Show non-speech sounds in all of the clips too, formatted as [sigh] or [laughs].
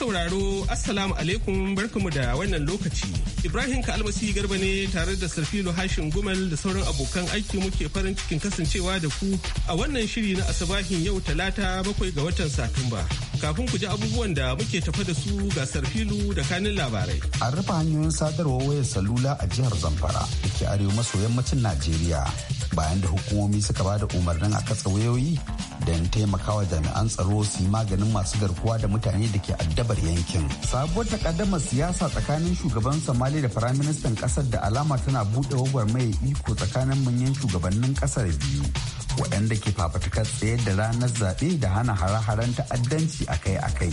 sauraro Assalamu alaikum barkamu da wannan lokaci. Ibrahim ka almasi Garba ne tare da Sarfilo Hashin Gumal da sauran abokan aiki muke farin cikin kasancewa da ku a wannan shiri na Asabahin yau talata bakwai ga watan Satumba. Kafin ku ji abubuwan da muke tafa da su ga Sarfilu da kanin labarai. An rufe hanyoyin sadarwar wayar salula a jihar Zamfara da ke arewa maso yammacin Najeriya bayan da hukumomi suka ba da umarnin a katsa wayoyi don taimakawa jami'an tsaro su yi maganin masu garkuwa da mutane da ke addabar yankin. Sabuwar takaddamar siyasa tsakanin shugaban Somali da firaministan ƙasar. da alama tana buɗe wagwar mai iko tsakanin manyan shugabannin ƙasar biyu. waɗanda ke fafatukar tsayar da ranar zaɓe da hana hare-haren ta'addanci akai-akai.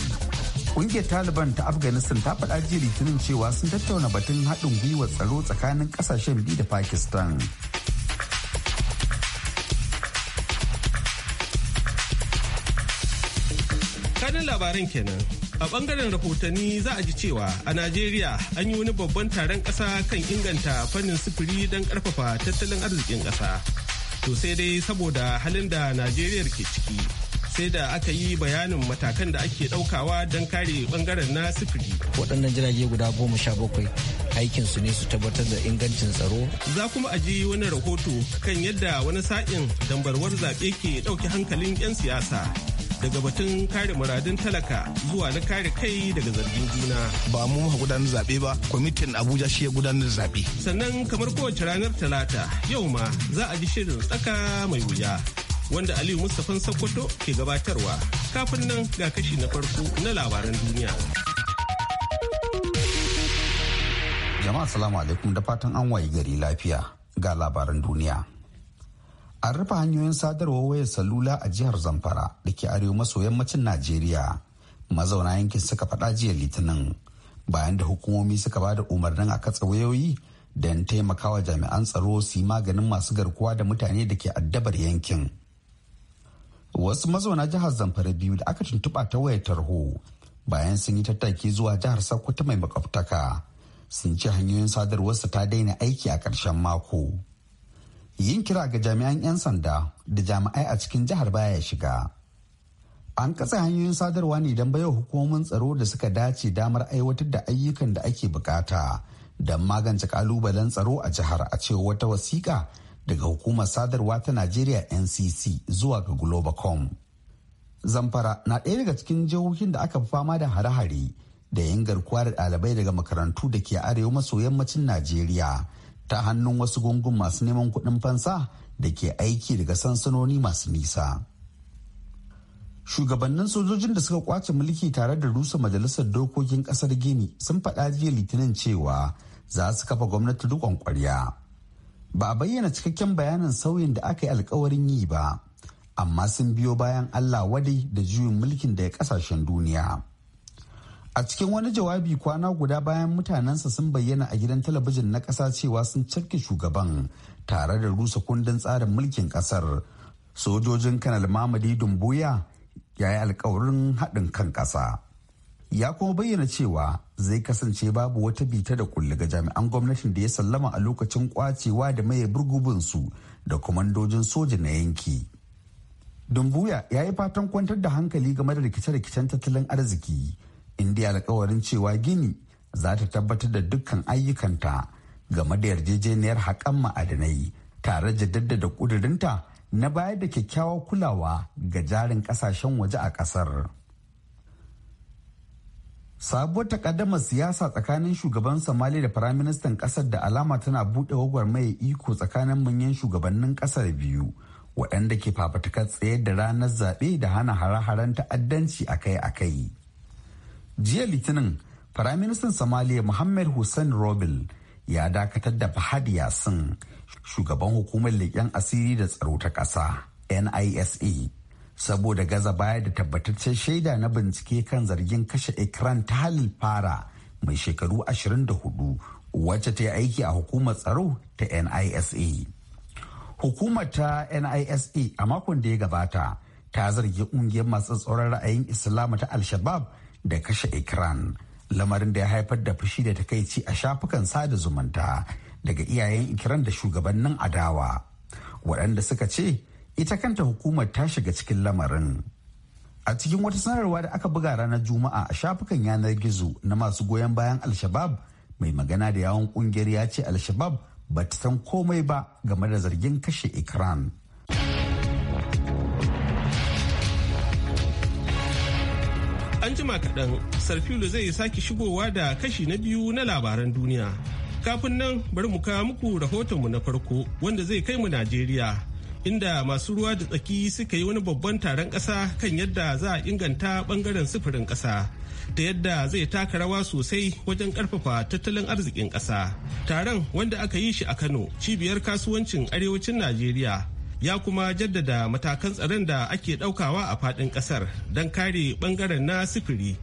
Ƙungiyar Taliban ta Afghanistan ta faɗa jiya Litinin cewa sun tattauna batun haɗin gwiwar tsaro tsakanin ƙasashen biyu da Pakistan. kanin labaran kenan a bangaren rahotanni za a ji cewa a najeriya an yi wani babban taron ƙasa kan inganta fannin sufuri don karfafa tattalin arzikin ƙasa to sai dai saboda halin da najeriya ke ciki sai da aka yi bayanin matakan da ake ɗaukawa don kare bangaren na sufuri waɗannan jirage guda goma sha bakwai aikinsu ne su tabbatar da ingancin tsaro za kuma a ji wani rahoto kan yadda wani sa'in dambarwar zaɓe ke ɗauki hankalin 'yan siyasa daga batun kare muradun talaka zuwa na kare kai daga zargin juna. Ba mu muka gudanar zaɓe ba, kwamitin Abuja shi ya gudanar zaɓe. Sannan kamar kowace ranar Talata, yau ma za a ji shirin tsaka mai wuya. Wanda Aliyu Mustapha Sokoto ke gabatarwa. Kafin nan ga kashi na farko na labaran duniya. Jama'a salamu alaikum da fatan an wayi gari lafiya ga labaran duniya. an rufe hanyoyin sadarwar wayar salula a jihar zamfara da ke arewa maso yammacin najeriya mazauna yankin suka faɗa jiya litinin bayan da hukumomi suka ba da umarnin a katsa wayoyi don taimakawa jami'an tsaro su yi maganin masu garkuwa da mutane da ke addabar yankin wasu mazauna jihar zamfara biyu da aka tuntuɓa ta wayar tarho bayan sun yi tattaki zuwa jihar sokoto mai makwabtaka sun ce hanyoyin sadarwarsu ta daina aiki a ƙarshen mako yin kira ga jami'an 'yan sanda da jami'ai a cikin jihar baya shiga. An katse hanyoyin sadarwa ne don baiwa hukumomin tsaro da suka dace damar aiwatar da ayyukan da ake bukata don magance kalubalen tsaro a jihar a cewa wata wasiƙa daga hukumar sadarwa ta Najeriya NCC zuwa ga Globacom. Zamfara na ɗaya daga cikin jihohin da aka fi fama da hare-hare da yin garkuwa da ɗalibai daga makarantu da ke arewa maso yammacin Najeriya. ta hannun wasu gungun masu neman kuɗin fansa da ke aiki daga sansanoni masu nisa. Shugabannin sojojin da suka kwace mulki tare da rusa majalisar dokokin kasar Gini sun faɗa jiya litinin cewa za su kafa gwamnati rikon kwarya. Ba a bayyana cikakken bayanin sauyin da aka yi alkawarin yi ba, amma sun biyo bayan Allah wadai da juyin mulkin da ya kasashen duniya. a cikin wani jawabi kwana guda bayan mutanensa sun bayyana a gidan talabijin na ƙasa cewa sun carke shugaban tare da rusa kundin tsarin mulkin ƙasar sojojin kanal mamadi dumbuya ya yi alkawarin haɗin kan ƙasa ya kuma bayyana cewa zai kasance babu wata bita da kulle ga jami'an gwamnatin da ya sallama a lokacin kwacewa da maye burgubinsu da kwamandojin soja na yanki dumbuya ya yi fatan kwantar da hankali game da rikice-rikicen tattalin arziki indiya alkawarin cewa gini za ta tabbatar da dukkan ayyukanta game da yarjejeniyar haƙan ma'adanai tare da jaddada ƙudurinta na baya da kyakkyawar kulawa ga jarin ƙasashen waje a ƙasar. sabuwar takaddamar siyasa tsakanin shugaban somali da firaministan ƙasar da alama tana buɗe gwagwarmaya iko tsakanin manyan shugabannin kasar biyu waɗanda ke fafatakar tsayar da ranar zaɓe da hana hare-haren ta'addanci akai-akai. jiya litinin firaministan somaliya muhammad hussein robil ya dakatar da fahad yasin shugaban hukumar leƙen asiri da tsaro ta ƙasa nisa saboda gaza baya da tabbataccen shaida na bincike kan zargin kashe ikran ta halin fara mai shekaru 24 wacce ta yi aiki a hukumar tsaro ta nisa hukumar ta nisa a makon da ya gabata ta zargi ƙungiyar masu tsoron ra'ayin islamu ta al-shabab da kashe ikran lamarin da ya haifar da fushi da takaici a shafukan sada zumunta daga iyayen Ikran da shugabannin adawa waɗanda suka ce ita kanta hukumar ta shiga cikin lamarin a cikin wata sanarwa da aka buga ranar juma'a a shafukan yanar gizo na masu goyon bayan alshabab mai magana da yawon kungiyar ya ce alshabab ba ta san komai ba game da zargin kashe ikran An jima kaɗan, Sarfilo zai sake shigowa da kashi na biyu na labaran duniya. Kafin nan bari mu kawo muku rahotonmu na farko wanda zai kai mu Najeriya. Inda masu ruwa da tsaki suka yi wani babban taron ƙasa kan yadda za a inganta ɓangaren sufurin ƙasa. Ta yadda zai taka rawa sosai wajen ƙarfafa tattalin arzikin ƙasa. Taron wanda aka yi shi a Kano, cibiyar kasuwancin arewacin Najeriya, ya kuma jaddada matakan tsaron da ake daukawa a fadin kasar don kare bangaren na sifiri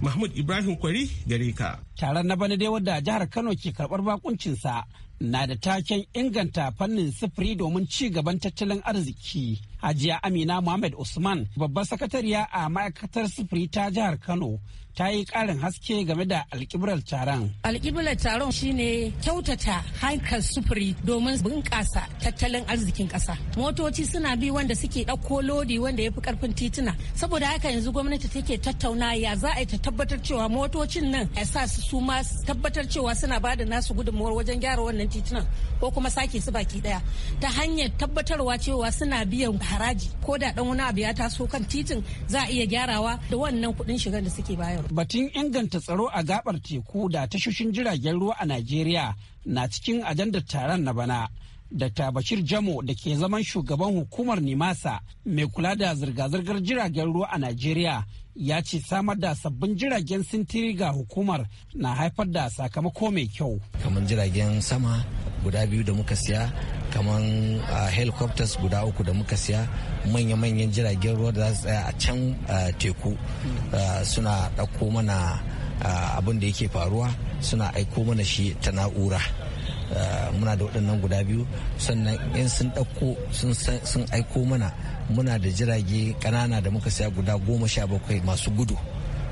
mahmud ibrahim kwari gare ka taron na bana dai wadda jihar kano ke karbar bakuncinsa na da taken inganta fannin sifiri domin ci gaban tattalin arziki Hajiya Amina Muhammad Usman babbar sakatariya a ma'aikatar sufuri ta jihar Kano ta yi ƙarin haske game da alƙiblar taron. Alƙiblar taron shine kyautata hankal sufuri domin bunƙasa tattalin arzikin ƙasa. Motoci suna bi wanda suke ɗauko lodi wanda ya fi ƙarfin tituna. Saboda haka yanzu gwamnati take tattauna ya za a yi ta tabbatar cewa motocin nan a sa su su ma tabbatar cewa suna ba da nasu gudunmuwar wajen gyara wannan titunan ko kuma sake su baki ɗaya. Ta hanyar tabbatarwa cewa suna biyan haraji ko da dan wani abu ya taso kan titin za a iya gyarawa da wannan kuɗin shigar da suke bayarwa. Batun inganta tsaro a gabar teku da tashoshin jiragen ruwa a Najeriya na cikin ajandar taron na bana. Dr. Bashir Jamo da ke zaman shugaban hukumar Nimasa mai kula da zirga-zirgar jiragen ruwa a Najeriya ya ce samar da sabbin jiragen sintiri ga hukumar na haifar da sakamako mai kyau. Kamar jiragen sama guda biyu da muka siya kamar helicopters guda uku da muka siya manya-manyan jiragen ruwa da za su tsaya a can teku suna ɗauko mana abin da yake faruwa suna aiko mana shi ta na'ura muna da waɗannan guda biyu sannan in sun ɗauko sun aiko mana muna da jirage ƙanana da muka siya guda goma sha bakwai masu gudu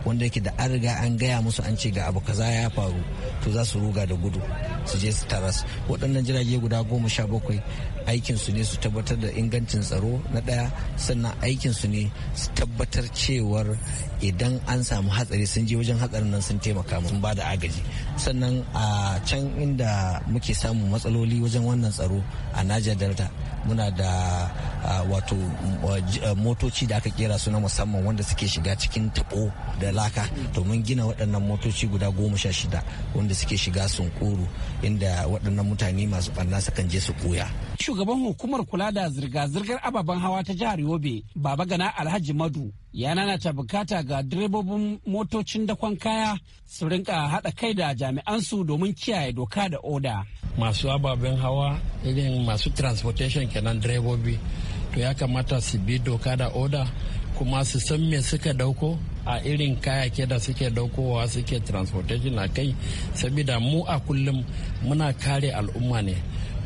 wanda yake da an riga an gaya musu an ce ga abu kaza ya faru to za su ruga da gudu su je su taras waɗannan jirage guda goma sha bakwai aikin su ne su tabbatar da ingancin tsaro na ɗaya sannan aikin su ne su tabbatar cewar idan an samu hatsari sun je wajen hatsarin nan sun taimaka sun ba da agaji sannan a can inda muke samun matsaloli wajen wannan tsaro a Niger Delta muna da wato motoci da aka kera su na musamman wanda suke shiga cikin tabo da da laka to gina waɗannan motoci guda goma sha shida wanda suke shiga sunkuru inda waɗannan mutane masu ɓanna sukan je su koya. Shugaban hukumar kula da zirga-zirgar ababen hawa ta jihar Yobe, Baba Gana Alhaji Madu, ya nanata bukata ga direbobin motocin dakon kaya su rinka haɗa kai da jami'ansu domin kiyaye doka da oda. Masu ababen hawa irin masu transportation kenan direbobi, to ya kamata su bi doka da oda kuma su san me suka dauko a irin kayake da suke daukowa suke transportation a kai saboda mu a kullum muna kare al'umma ne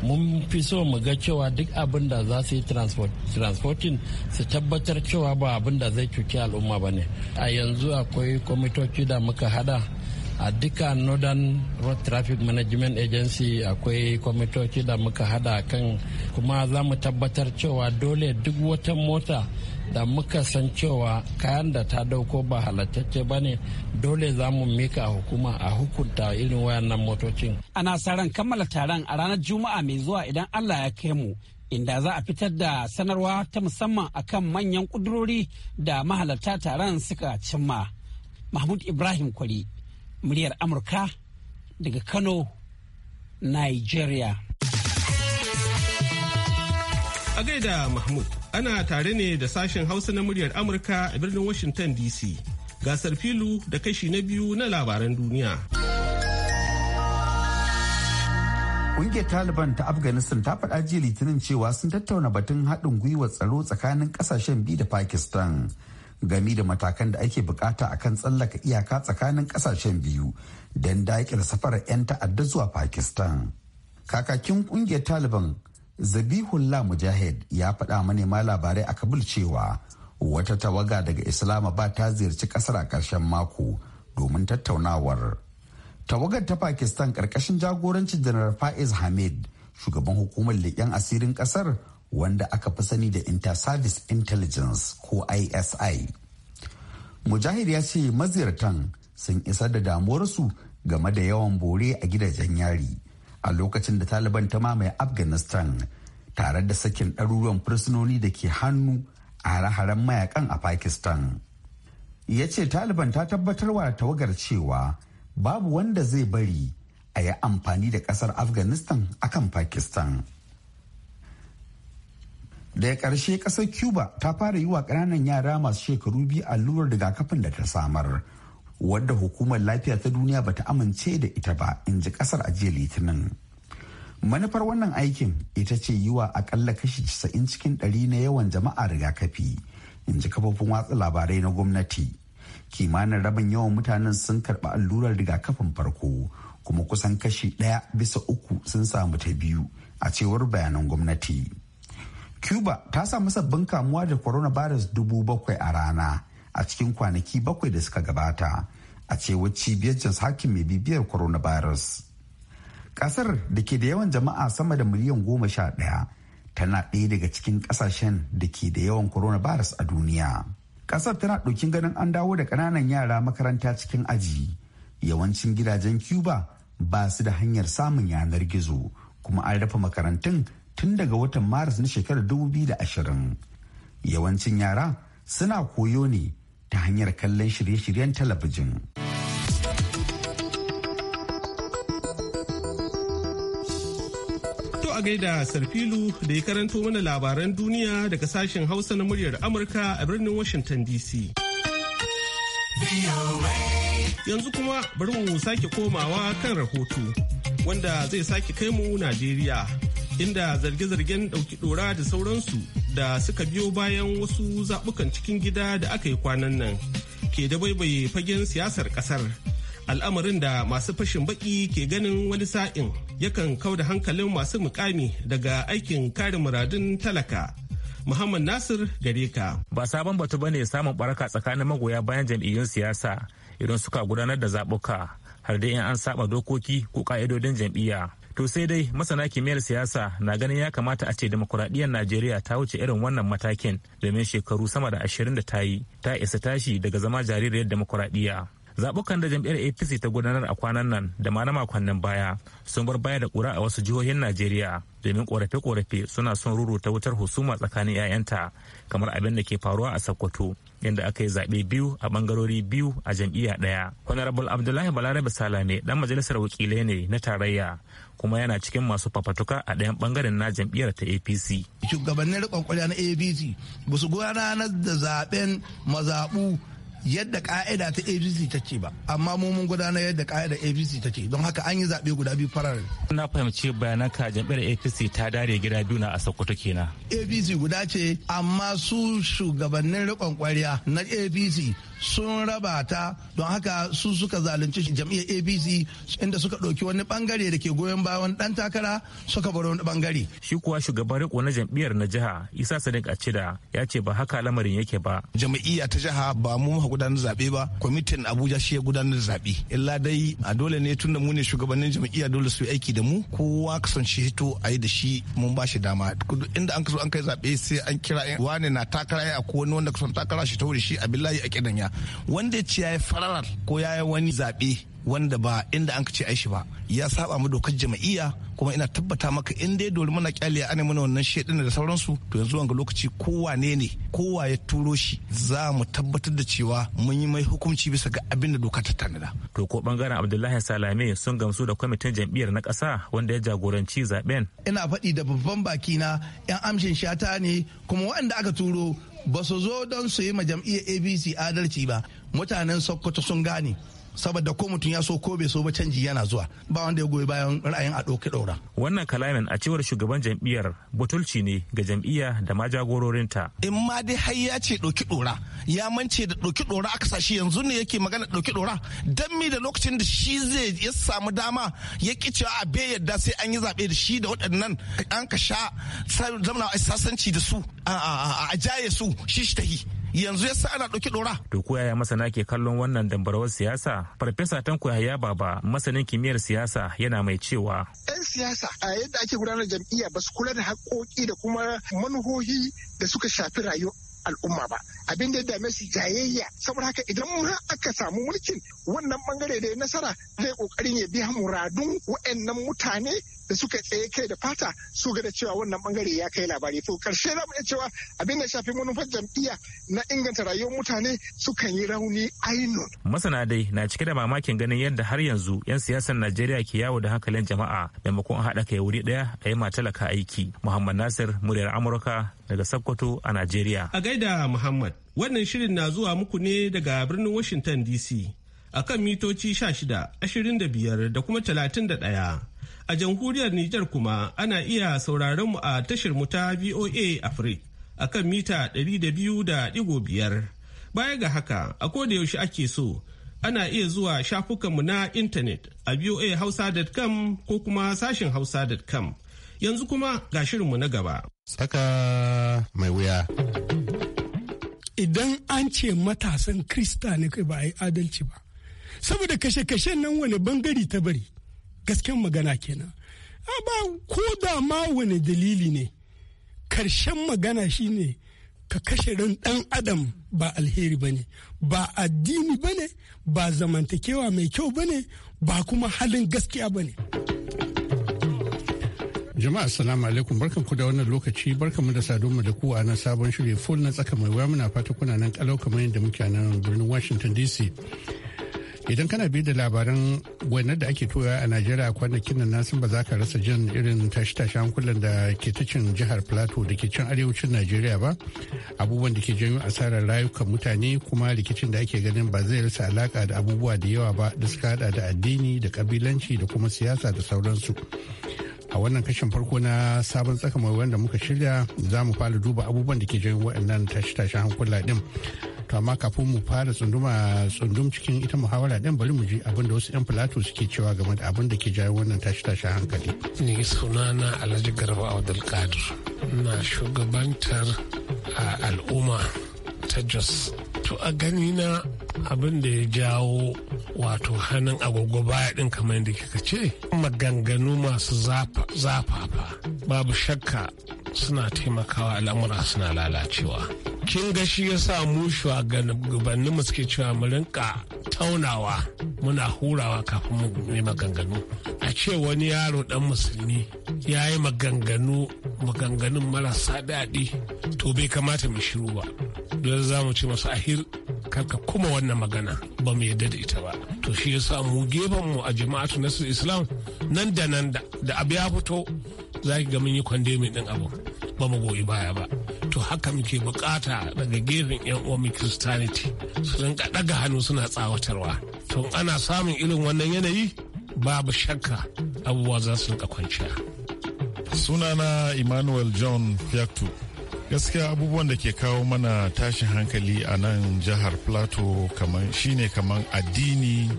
mun fi so mu ga cewa duk abin da za su yi transporting su tabbatar cewa ba abin da zai cuci al'umma ba ne a yanzu akwai kwamitoci da muka hada a duka northern road traffic management agency akwai kwamitoci da muka hada kan kuma za mu tabbatar cewa dole duk wata mota da muka san cewa kayan da ta dauko ba halattacce ba ne dole za mu mika hukuma a hukunta irin wayannan motocin. Ana sa ran kammala taron a ranar Juma'a mai zuwa idan Allah ya kai mu inda za a fitar da sanarwa ta musamman akan manyan kudurori da mahalarta taron suka cimma. Mahmud Ibrahim Kwari, muryar Amurka daga Kano, Nigeria. A gaida Mahmud. Ana tare ne da sashen Hausa na muryar Amurka a birnin Washington DC. Gasar filu da kashi na biyu na labaran duniya. Ƙungiyar Taliban ta Afghanistan ta faɗa jiya Litinin cewa sun tattauna batun haɗin gwiwar tsaro tsakanin ƙasashen biyu da Pakistan. game da matakan da ake bukata akan tsallaka iyaka tsakanin ƙasashen biyu don daƙil safarar 'yan ta'adda zuwa pakistan kakakin ƙungiyar taliban zabihullah mujahid ya faɗa manema labarai a kabul cewa wata tawaga daga ba ta ziyarci ƙasar a ƙarshen mako domin tattaunawar tawagar ta pakistan ƙarƙashin jagorancin janar faiz hamid shugaban hukumar leƙen asirin ƙasar wanda aka fi sani da inter service intelligence ko isi mujahid ya ce maziyartan sun isar da damuwarsu game da yawan bore a gidajen yari a lokacin da taliban ta mamaye afghanistan tare da sakin ɗaruruwan fursunoni da ke hannu a hare-haren mayakan a pakistan ya ce taliban ta tabbatarwa da tawagar cewa babu wanda zai bari a yi amfani da ƙasar afghanistan akan pakistan daga ƙarshe ƙasar cuba ta fara yi wa ƙananan yara masu shekaru biyu allurar rigakafin da ta samar wadda hukumar lafiya ta duniya bata amince da ita ba in ji kasar a jiya litinin manufar wannan aikin ita ce yiwa akalla kashi casa'in cikin ɗari na yawan jama'a rigakafi in ji kafofin watsa labarai na gwamnati kimanin rabin yawan mutanen sun karɓi allurar rigakafin farko kuma kusan kashi ɗaya bisa uku sun samu ta biyu a cewar bayanan gwamnati cuba ta samu sabbin kamuwa da coronavirus dubu bakwai a rana a cikin kwanaki bakwai da suka gabata a cewar cibiyar jins hakim mai bibiyar coronavirus kasar da ke da yawan jama'a sama da miliyan goma sha ɗaya tana ɗaya daga cikin ƙasashen da ke da yawan coronavirus a duniya ƙasar tana ɗokin ganin an dawo da ƙananan yara makaranta cikin aji yawancin gidajen cuba ba su da hanyar samun yanar gizo kuma an rufe makarantun tun daga watan maris na shekarar 2020 yawancin yara suna koyo ne ta hanyar kallon shirye-shiryen talabijin. To a gaida Sarfilu da ya karanto mana labaran duniya daga sashen Hausa na muryar Amurka a birnin Washington DC. Yanzu kuma bari mu sake komawa kan rahoto wanda zai sake kai mu Najeriya inda zarge-zargen ɗauki ɗora da sauransu da suka biyo bayan wasu zaɓukan cikin gida da aka yi kwanan nan ke da baibaye fagen siyasar ƙasar al'amarin da masu fashin baki ke ganin wani sa'in yakan kau da hankalin masu mukami daga aikin kare muradun talaka muhammad nasir gare ka ba sabon batu bane samun baraka tsakanin magoya bayan jam'iyyun siyasa idan suka gudanar da zaɓuka har dai in an saba dokoki ko ka'idodin jam'iyya To sai dai masana kimiyyar siyasa na ganin ya kamata a ce demokuraɗiyyar Najeriya ta wuce irin wannan matakin domin shekaru sama da ashirin da ta yi ta isa tashi daga zama jaririyar demokuraɗiyya. zaɓukan da jam'iyyar apc ta gudanar a kwanan nan da ma na makonnin baya sun bar baya da ƙura a wasu jihohin najeriya domin ƙorafe-ƙorafe suna son ruruta wutar husuma tsakanin 'ya'yanta kamar abin da ke faruwa a sokoto inda aka yi zaɓe biyu a ɓangarori biyu a jam'iyya ɗaya. Honorable Abdullahi Balarabe Salame ɗan majalisar wakilai ne na tarayya kuma yana cikin masu fafatuka a ɗayan ɓangaren na jam'iyyar ta APC. Shugabannin riƙon na APC ba su gudanar da zaɓen mazaɓu yadda ka'ida ta abc ta ce ba amma mu mun gudanar yadda ka'ida abc ta ce don haka an yi zaɓe guda biyu farar na fahimci bayanan ka jam'iyyar apc ta dare gida biyu na a sokoto kenan abc guda ce amma su shugabannin riƙon kwarya na apc sun raba ta don haka su suka zalunci jam'iyyar abc inda suka ɗauki wani bangare da ke goyon bayan dan takara suka bar wani bangare. shi kuwa shugaban riko na jam'iyyar na jiha isa sadiq acida ya ce ba haka lamarin yake ba. jam'iyya ta jiha ba mu muka gudanar zaɓe ba kwamitin abuja shi ya gudanar zaɓe illa dai a dole ne tunda mu ne shugabannin jam'iyya dole su aiki da mu kowa kasance hito a yi da shi mun ba shi dama inda an kaso an kai zaɓe sai an kira wane na takara ya ko wani wanda kusan takara shi ta wuri shi a billahi a kidan wanda wanda ci ya yi fararar ko ya yi wani zaɓe wanda ba inda an ce aishi ba ya saba mu dokar jama'iyya kuma ina tabbata maka in dai dole muna kyale ana mana wannan shedin da sauransu to yanzu wanga lokaci kowa ne ne kowa ya turo shi za mu tabbatar da cewa mun yi mai hukunci bisa ga abin da doka ta tanada to ko bangaren Abdullahi Salame sun gamsu da kwamitin jam'iyyar na kasa wanda ya jagoranci zaben ina faɗi da babban baki na yan amshin shata ne kuma waɗanda aka turo ba su zo don su yi ma jam'iyyar abc adalci ba mutanen sokoto sun gane saboda ko mutum ya so ko bai so ba canji yana zuwa ba wanda ya goyi bayan ra'ayin a ɗauki ɗaura. wannan kalamin a cewar shugaban jam'iyyar butulci ne ga jam'iyya da ma jagororinta. in ma dai har ya ce ɗauki ɗora ya mance da ɗauki ɗora aka kasashe yanzu ne yake magana ɗauki ɗora dan mi da lokacin da shi zai ya samu dama ya ki cewa a bai yadda sai an yi zaɓe da shi da waɗannan an ka sha zamanawa a sasanci da su a jaye su shi shi yanzu yasa ana ɗauki ɗora. To ko yaya masana ke kallon wannan dambarwar siyasa? Farfesa Tanko Yahaya Baba masanin kimiyyar siyasa yana mai cewa. 'Yan siyasa a yadda ake gudanar jam'iyya ba su kula da haƙoƙi da kuma manuhohi da suka shafi rayuwa al'umma ba abin da ya dame su jayayya saboda haka idan mun aka samu mulkin wannan bangare da ya nasara zai kokarin ya biya muradun wa'annan mutane da suka tsaye kai da fata su ga da cewa wannan bangare ya kai labari to karshe za iya cewa abin da shafi manufar jam'iyya na inganta rayuwar mutane su kan yi rauni ainun. masana dai na cike da mamakin ganin yadda har yanzu 'yan siyasar najeriya ke yawo da hankalin jama'a maimakon haɗa kai wuri ɗaya a yi talaka aiki muhammad nasir muryar amurka daga sokoto a najeriya a gaida muhammad wannan shirin na zuwa muku ne daga birnin washington dc akan mitoci 16 25 da kuma 31 A jamhuriyar Nijar kuma ana iya sauraron mu a tashar mu ta VOA Africa a kan mita 200.5. Baya ga haka, a koda yaushe ake so, ana iya zuwa shafukanmu na intanet a voahausa.com ko kuma sashin hausa.com. Yanzu kuma ga shirinmu na gaba. Saka mai wuya. Idan an ce matasan Krista ne kai ba a yi adalci ba, saboda kashe-kashen nan wani bangare ta bari. gasken magana kenan ah, ba ko da ma wani dalili ne karshen magana shine ka kashe ran ɗan adam ba alheri ba ne ba addini ba ne ba zamantakewa mai kyau ba ne ba kuma halin gaskiya ba ne jama'a assalamu alaikum barkan ku da wannan lokaci barkan mu da mu da ku a nan sabon shirye full na tsaka mai waya muna fata kuna nan kalau kamar yadda muke a nan birnin washington dc idan kana bi da labaran gwainar da ake toya a najeriya kwanakin nan sun ba za ka rasa jin irin tashi-tashi hankulan da ke ta cin jihar plateau da ke cin arewacin najeriya ba abubuwan da ke janyo asarar rayukan mutane kuma rikicin da ake ganin ba zai rasa alaka da abubuwa da yawa ba da suka hada da addini da kabilanci da kuma siyasa da sauransu a wannan kashin farko na sabon tsaka mai wanda muka shirya za mu fara duba abubuwan da ke janyo waɗannan tashi-tashi hankula din to amma kafin mu fara tsunduma tsundum cikin ita muhawara din bari mu ji abin da wasu 'yan filato suke cewa game da abin da ke jawo wannan tashi tashi hankali ni sunana alhaji garba abdulkadir na shugabantar a al'umma ta jos to a gani na abin da ya jawo wato hannun agogo baya din kamar yadda kika ce maganganu masu zafafa babu shakka suna taimakawa al'amura suna lalacewa kin ga shi ya sa mu shugabannin mu suke cewa mu rinka taunawa muna hurawa kafin mu yi maganganu a ce wani yaro dan musulmi ya yi maganganu maganganun marasa daɗi to bai kamata mu shiru ba don za mu ce masu ahir karka kuma wannan magana ba mu yadda da ita ba to shi ya sa mu gefen mu a jama'atu na islam nan da nan da abu ya fito za ki ga mun yi kwande mai din abu ba mu goyi baya ba to haka muke bukata daga gefen yan uwan christianity su rinka daga hannu suna tsawatarwa to ana samun irin wannan yanayi babu shakka abubuwa za su rinka kwanciya sunana emmanuel john fiactu gaskiya abubuwan da ke kawo mana tashin hankali a nan jihar plateau shine kaman addini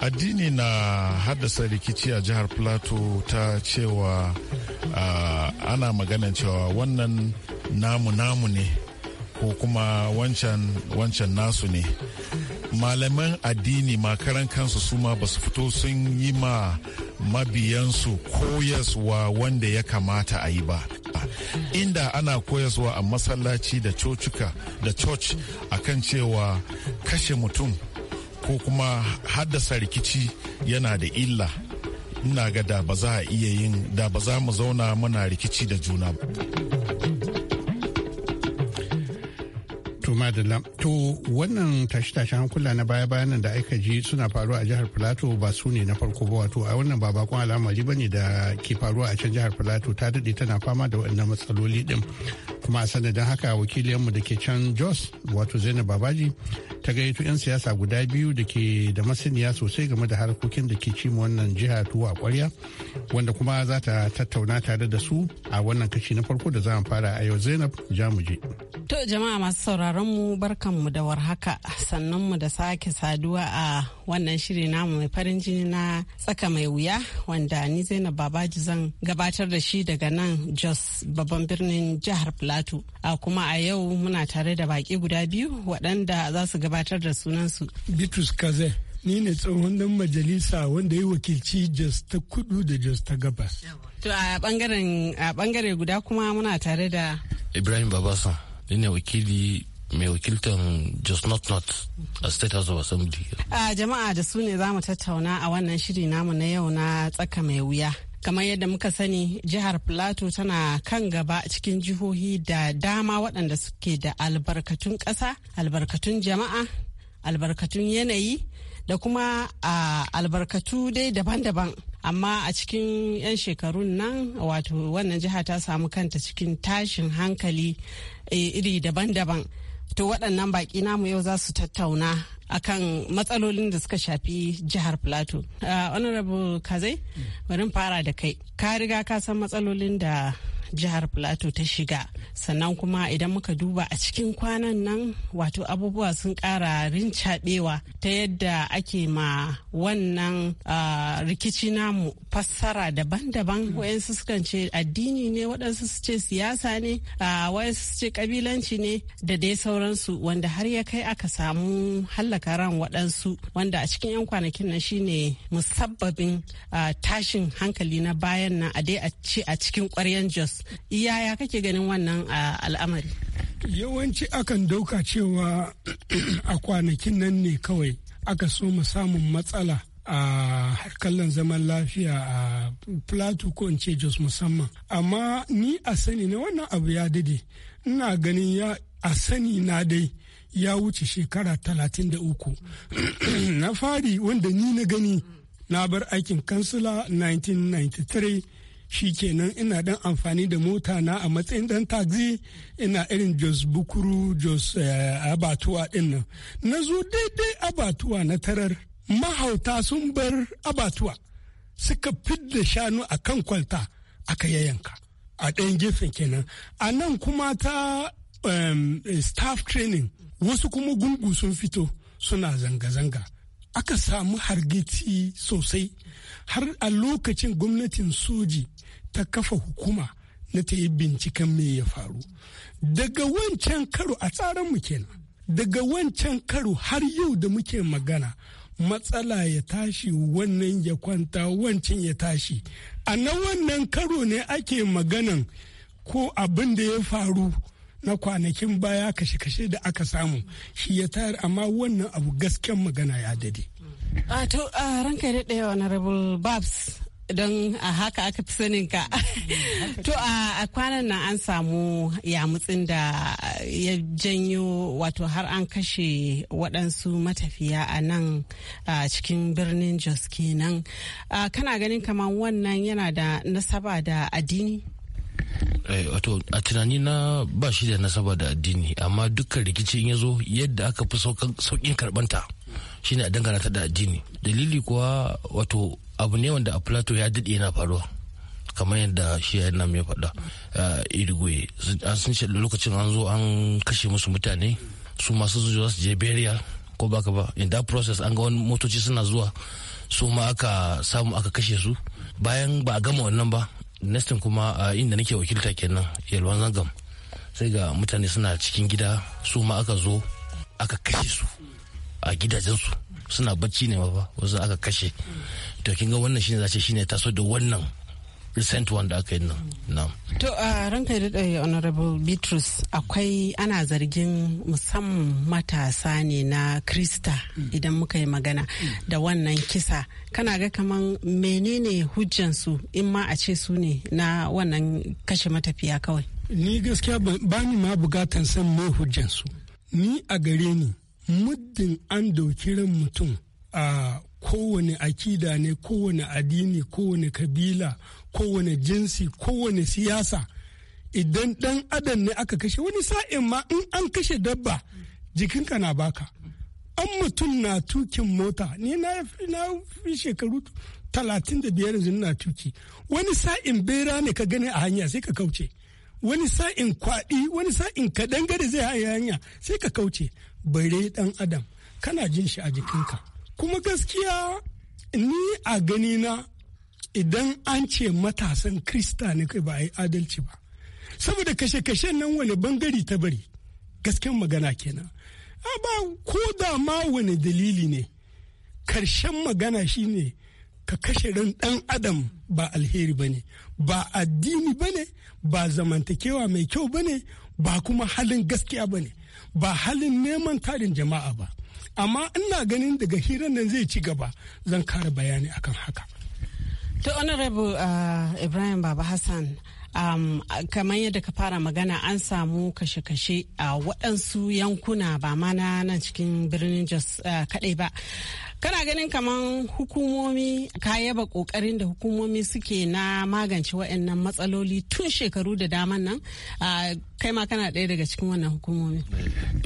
addini na haddasa rikici a jihar plateau ta cewa uh, ana maganan cewa wannan namu namu ne ko kuma wancan wancan nasu ne malaman addini makaran kansu su ma ba su fito sun yi ma mabiyansu koyaswa wanda ya kamata a yi ba inda ana koyaswa a masallaci da cocuka da church akan cewa kashe mutum ko kuma haddasa rikici yana da illa ina ga da ba za a iya yin da ba za mu zauna muna rikici da juna ba madalla to wannan tashe-tashen hankula na baya-bayan da aka ji suna faruwa a jihar filato ba su ne na farko ba wato a wannan ba bakon al'amari ba ne da ke faruwa a can jihar filato ta daɗe tana fama da waɗannan matsaloli ɗin kuma a sanadin haka wakiliyanmu da ke can jos wato zainab babaji ta gayyato 'yan siyasa guda biyu da ke da masaniya sosai game da harkokin da ke cimo wannan jiha tuwa kwarya wanda kuma za ta tattauna tare da su a wannan kashi na farko da za mu fara a yau zainab jamuje to jama'a masu sauraron mu barkanmu da warhaka sannan mu da sake saduwa a wannan shiri namu mai farin jini na tsaka mai wuya wanda ni zainab babaji zan gabatar da shi daga nan jos babban birnin jihar plateau a kuma a yau muna tare da baki guda biyu waɗanda za su gabatar gabatar da sunansu. Bitrus Kaze, ni ne tsohon dan majalisa wanda ya wakilci Jos ta kudu da Jos ta gabas. To a bangare guda kuma muna tare da Ibrahim Babasan, ni ne wakili mai wakiltan Jos Not Not a State House of Assembly. A jama'a da su ne za mu tattauna a wannan shiri namu na yau na tsaka mai wuya. kamar yadda muka sani jihar plateau tana kan gaba cikin jihohi da dama waɗanda suke da albarkatun ƙasa albarkatun jama'a albarkatun yanayi da kuma albarkatu dai daban-daban amma a cikin 'yan shekarun nan wato wannan jiha ta samu kanta cikin tashin hankali eh, iri daban-daban To waɗannan baƙi namu yau za su tattauna akan matsalolin da suka shafi jihar Plateau. Uh, Honorable Kazai, mm. bari fara da kai. Ka riga ka san matsalolin da jihar plateau ta shiga sannan kuma idan muka duba a cikin kwanan nan wato abubuwa sun kara rincaɓewa ta yadda ake ma wannan uh, rikici namu fassara daban-daban mm. wayansu sukan ce addini ne waɗansu su ce siyasa ne uh, wayansu su ce kabilanci ne da dai sauransu wanda har ya kai aka samu hallaka ran waɗansu wanda a cikin 'yan kwanakin nan shine musabbabin uh, tashin hankali na bayan nan a dai a ce a cikin ƙwaryan jos Yaya kake ganin wannan al'amari? Yawanci akan dauka cewa [clears throat] a kwanakin nan ne kawai aka so mu samun matsala a harkallan zaman lafiya a plato ko in ce jos musamman amma ni a sani na wannan abu ya dade ina ganin ya a sani na dai ya wuce shekara talatin da uku [clears throat] na fari wanda ni na gani na bar aikin kansila 1993 shi kenan ina dan amfani da mota na a matsayin dan taxi ina irin jos bukuru jos eh, abatuwa din nan na zo daidai abatuwa na tarar mahauta sun bar abatuwa suka fidda shanu a kan kwalta aka yayanka a ɗayan gefen kenan a nan kuma ta staff training wasu kuma gungu sun fito suna zanga-zanga aka samu hargitsi sosai har a lokacin gwamnatin soji ta kafa hukuma na ta yi binciken me ya faru daga wancan karo a mu kenan daga wancan karo har yau da muke magana matsala ya tashi wannan ya kwanta wancan ya tashi a na wannan karo ne ake maganan ko abin da ya faru na kwanakin baya kashe-kashe da aka samu shi ya tayar amma wannan abu gasken magana ya dade. a ah, to ah, ranka da ɗaya honorable babs don a haka aka fi sanin ka mm, [laughs] to a kwanan nan an samu yamutsin da ya janyo wato har an kashe waɗansu matafiya a nan cikin birnin jos kenan kana ganin kamar wannan yana da nasaba da addini eh, wato a tunani na ba shi da nasaba da addini amma dukkan rikicin ya zo yadda aka fi saukin karbanta shine a dangana ta da addini dalili kuwa wato abu ne wanda a plato ya daɗe yana faruwa kamar yadda shi ya mai faɗa an sun ce lokacin an zo an kashe musu mutane su masu zuwa su je beriya ko baka ba in that process an ga wani motoci suna zuwa su ma aka samu aka kashe su bayan ba a gama wannan ba nestin kuma a inda nake wakilta kenan yalwan zangam sai ga mutane suna cikin gida su ma aka zo aka kashe su a gidajensu suna bacci ne ma ba wasu aka kashe to kin ga wannan shine zace shine taso da wannan recent one da aka yi nan na to a ranka da dai honorable Bitrus akwai ana zargin musamman matasa ne na krista idan muka yi magana da wannan kisa kana ga kaman menene hujjansu in ma a ce su ne na wannan kashe matafiya kawai ni gaskiya ba ni ma bukatan san mai hujjansu ni a gare ni muddin an dauki ran mutum a kowane akida ne kowane addini kowane kabila kowane jinsi kowane siyasa idan dan adam ne aka kashe wani sa'in ma in an kashe dabba jikinka na baka an mutum na tukin mota ni na fi shekaru talatin da biyar yanzu na tuki wani sa'in bera ne ka gane a hanya sai ka kauce wani sa'in kwaɗi wani sa'in kaɗan gari zai haya hanya sai ka kauce bare dan adam kana jin shi a jikinka kuma gaskiya ni a gani na idan an ce matasan krista ne kai ba a yi adalci ba saboda kashe kashe nan wani bangare ta bari gasken magana kenan ba ko da ma wani dalili ne karshen magana shine ka kashe ran dan adam ba alheri ba ne ba addini ba ne ba zamantakewa mai kyau ba ne ba kuma halin gaskiya ba ne ba halin neman tarin jama'a ba amma ina ganin daga hirar nan zai ci gaba zan kara bayani akan haka. To Honorable uh, Ibrahim Baba Hassan um, kamar yadda ka fara magana an samu kashe-kashe a uh, waɗansu yankuna ba ma na nan cikin birnin jos uh, kaɗai ba kana ganin kamar hukumomi ka yaba ƙoƙarin da hukumomi suke na magance waɗannan matsaloli tun shekaru da daman nan uh, kai ma kana ɗaya daga cikin wannan hukumomi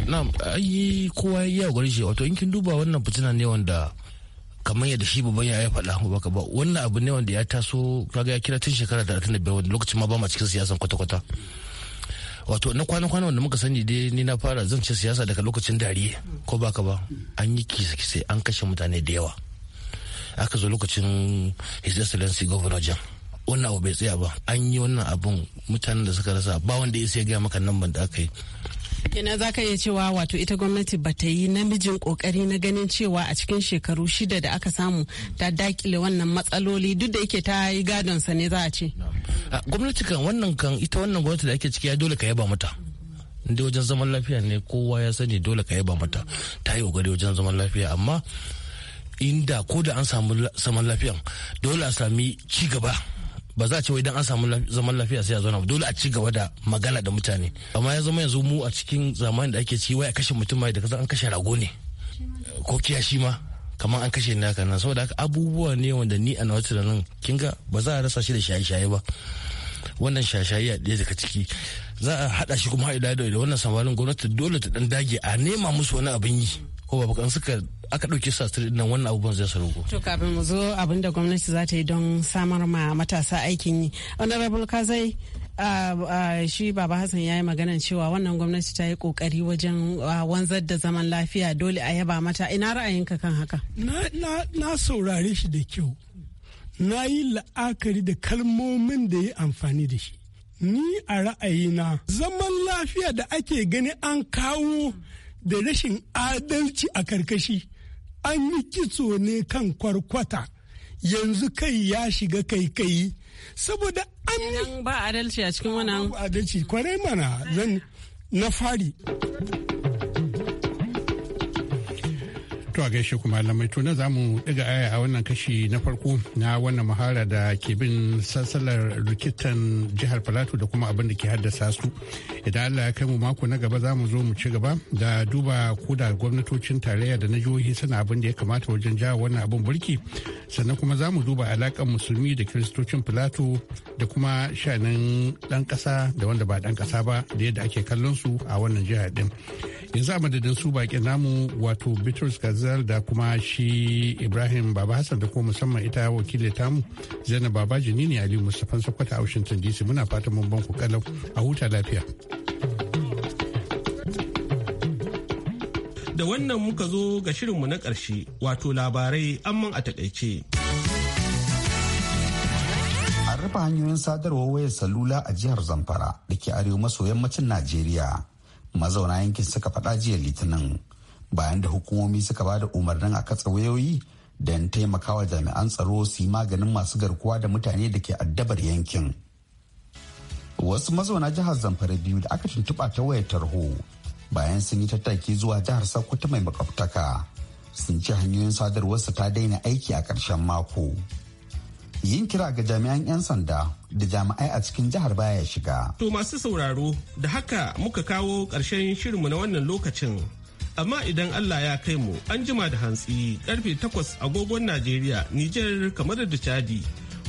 na ayi kowa ya gwarshe wato in kin duba wannan fitina ne wanda kamar yadda shi babban ya faɗa mu baka ba wannan abu ne wanda ya taso kaga ya kira tun shekara da da biyar wanda lokacin ma ba ma cikin siyasan kwata-kwata wato na kwana-kwana wanda muka sani dai ni na fara zan ci siyasa daga lokacin dariye ko baka ba an yi kisa-kisa an kashe mutane da yawa aka zo lokacin his excellency governor jan wannan abu bai tsaya ba an yi wannan abun mutanen da suka rasa ba wanda ya sai gaya maka nan da aka yi kenan za ka iya cewa wato ita gwamnati ba ta yi namijin kokari na ganin cewa a cikin shekaru shida da aka samu ta dakile wannan matsaloli duk da yake ta yi gadon sa ne za a ce gwamnati kan wannan kan ita wannan gwamnati da ake ciki ya dole ka yaba mata inda wajen zaman lafiya ne kowa ya sani dole ka yaba mata ta yi kokari wajen zaman lafiya amma inda ko da an samu zaman lafiyan dole a sami ci gaba ba za a ce wai idan an samu zaman lafiya sai a zauna dole a ci gaba da magana da mutane amma ya zama yanzu mu a cikin zamanin da ake ci wai a kashe mutum mai da kaza an kashe rago ne ko kiyashi ma kamar an kashe naka nan saboda haka abubuwa ne wanda ni a nawa tunanin nan kinga ba za a rasa shi da shaye-shaye ba wannan shaye-shaye a ɗaya daga ciki za a haɗa shi kuma haɗa da wannan samarin gwamnati dole ta ɗan dage a nema musu wani abin yi ko ba kan suka aka a sirri nan wannan abubuwan zai sarugo. To kafin mu zo abin da gwamnati za ta yi don samar ma matasa aikin yi. Honorable Kazai shi Baba Hassan ya yi magana cewa wannan gwamnati ta yi kokari wajen wanzar da zaman lafiya dole a yaba mata ina ra'ayinka kan haka. Na saurare shi da kyau. Na yi la'akari da kalmomin da ya amfani da shi. ni a ra'ayina zaman lafiya da ake gani an kawo da rashin adalci a karkashi an yi kitso ne kan kwarkwata yanzu kai ya shiga kai-kai saboda an yi. ba adalci a cikin wannan adalci kwarai mana zan na fari To a gaishe kuma alamai to na zamu ɗiga aya a wannan kashi na farko na wannan muhara da ke bin sassalar rikitan jihar Filato da kuma abin da ke haddasa su. Idan Allah ya kai mu mako na gaba za mu zo mu ci gaba da duba ko da gwamnatocin tarayya da na jihohi suna abin da ya kamata wajen jawo wannan abin burki. Sannan kuma za mu duba alaƙar musulmi da kiristocin Filato da kuma shanin dan ƙasa da wanda ba dan ƙasa ba da yadda ake kallon su a wannan jihar ɗin. Yanzu a madadin su baƙin namu wato Bitrus Gaza Azal da kuma shi Ibrahim Baba Hassan da kuma musamman ita wakilin tamu Zainab jini ne Ali Mustapha Sokoto a Washington DC muna fatan mun ban ku kalau a huta lafiya. Da wannan muka zo ga shirin mu na ƙarshe wato labarai amman a takaice. An rufe hanyoyin sadarwar wayar salula a jihar Zamfara da ke arewa maso yammacin Najeriya. Mazauna yankin suka faɗa jiya Litinin. bayan da hukumomi suka ba da umarnin a katsa wayoyi don taimakawa jami'an tsaro su yi maganin masu garkuwa da mutane da ke addabar yankin. Wasu mazauna jihar Zamfara biyu da aka tuntuɓa ta wayar tarho bayan sun yi tattaki zuwa jihar Sokoto mai makwabtaka sun ce hanyoyin sadarwarsu ta daina aiki a ƙarshen mako. yin kira ga jami'an 'yan sanda da jami'ai a cikin jihar baya shiga. To masu sauraro da haka muka kawo ƙarshen shirinmu na wannan lokacin amma idan Allah ya kai mu an jima da hantsi karfe takwas agogon Najeriya, Nijar kamar da Chadi.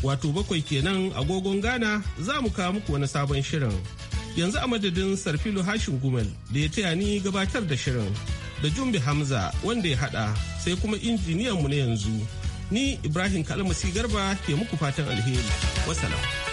Wato bakwai kenan agogon Ghana za mu kawo muku wani sabon shirin. Yanzu a madadin Sarfilo Hashin Gumel da ya taya ni gabatar da shirin. Da Jumbi Hamza wanda ya hada sai kuma injiniyan mu na yanzu. Ni Ibrahim Kalmasi Garba ke muku fatan alheri. Wassalam.